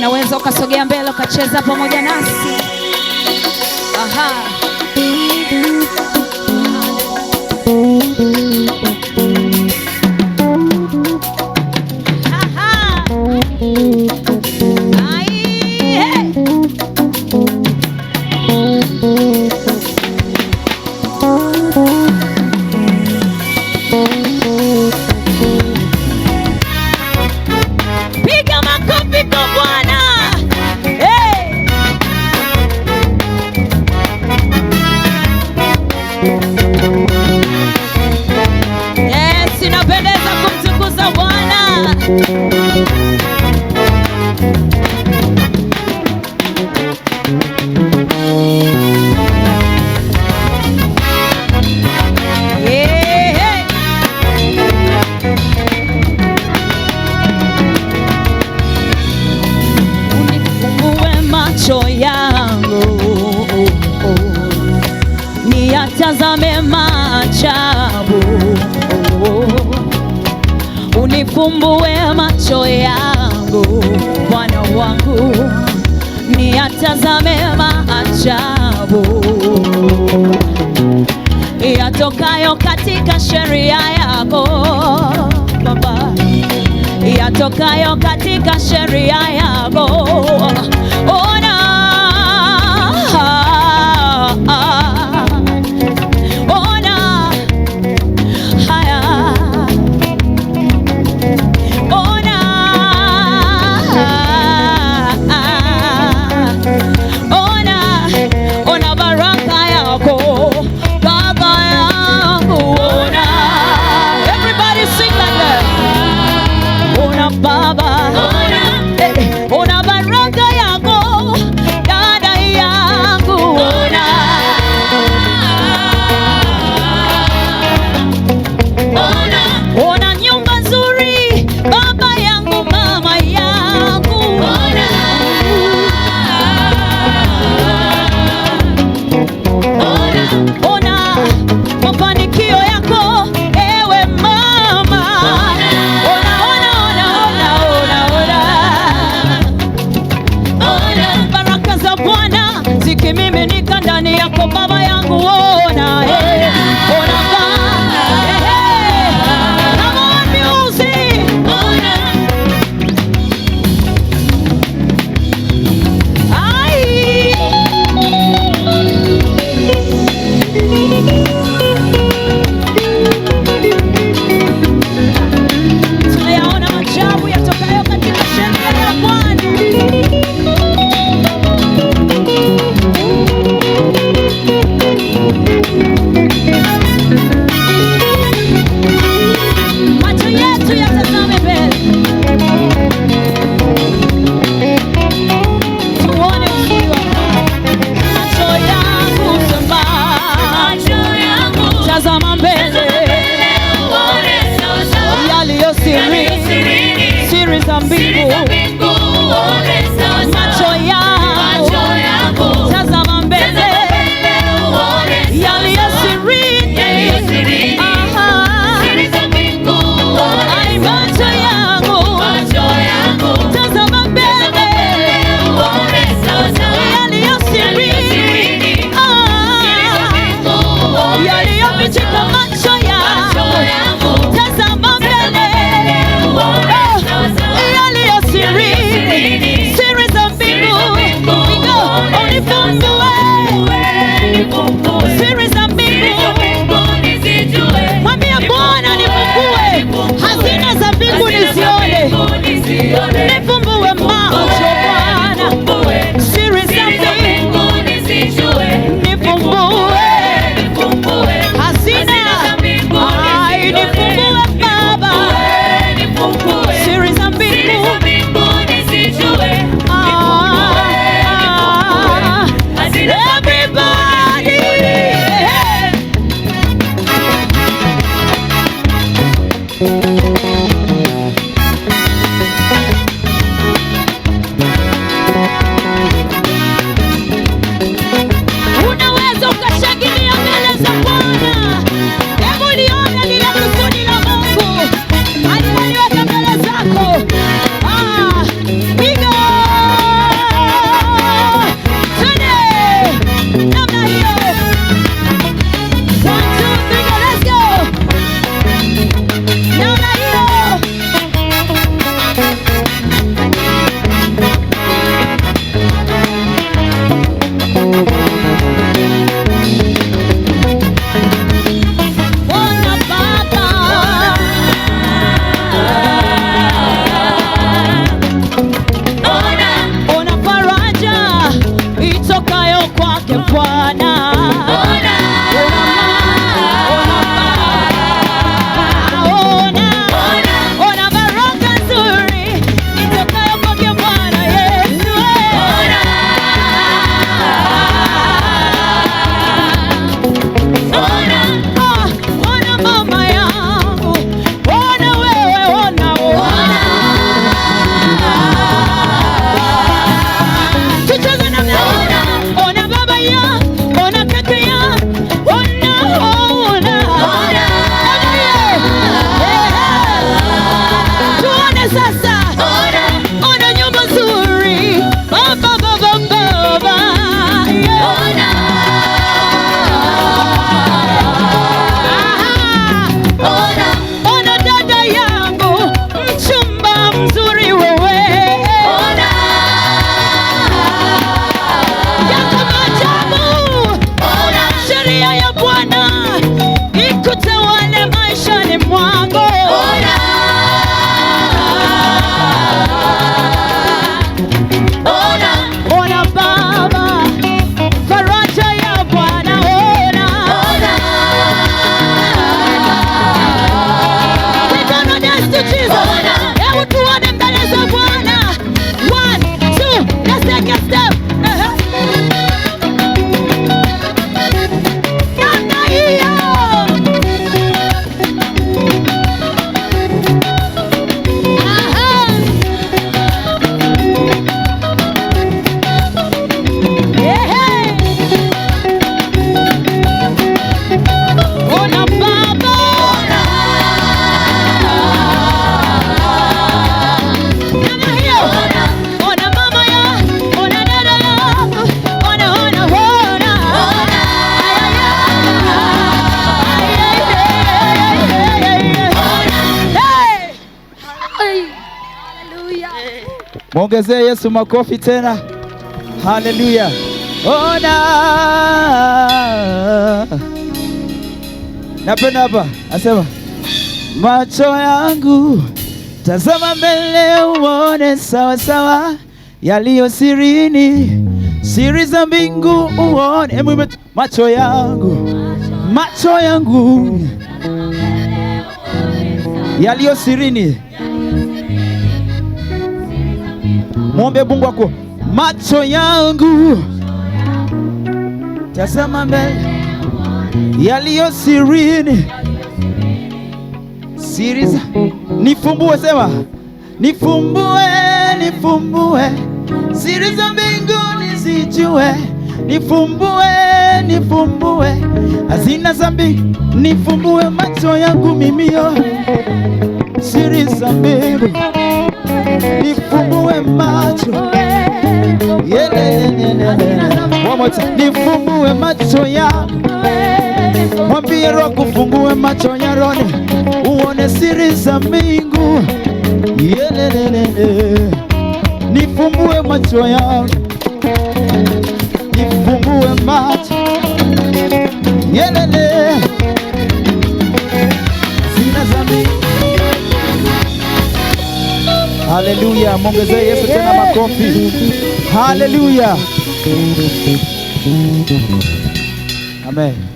Unaweza ukasogea mbele ukacheza pamoja nasi. Aha. Aha. Yakatazame maajabu, unifumbue macho yangu Bwana wangu, niyatazame maajabu yatokayo katika sheria yako Baba, yatokayo katika sheria yako Богу. Що я you. leo kwake Bwana Mwongezee Yesu makofi tena. Haleluya! Ona, napenda hapa, asema macho yangu tazama mbele, uone sawa sawa yaliyo sirini, siri za mbingu uone. Hebu macho yangu, macho yangu yaliyo sirini Mwombe Mungu wako, macho yangu tazama mbele, yaliyo sirini, siriza nifumbue, sema nifumbue, nifumbue, siri za mbinguni zijue, nifumbue, nifumbue, hazina za mbinguni nifumbue, macho yangu mimio, siri za mbinguni nifumbue macho nifumbue macho ya mwambie Roho kufungue macho ya roho uone siri za mbingu. Nifumbue macho ya nifumbue macho Haleluya, mwongezee Yesu tena makofi. Haleluya, amen.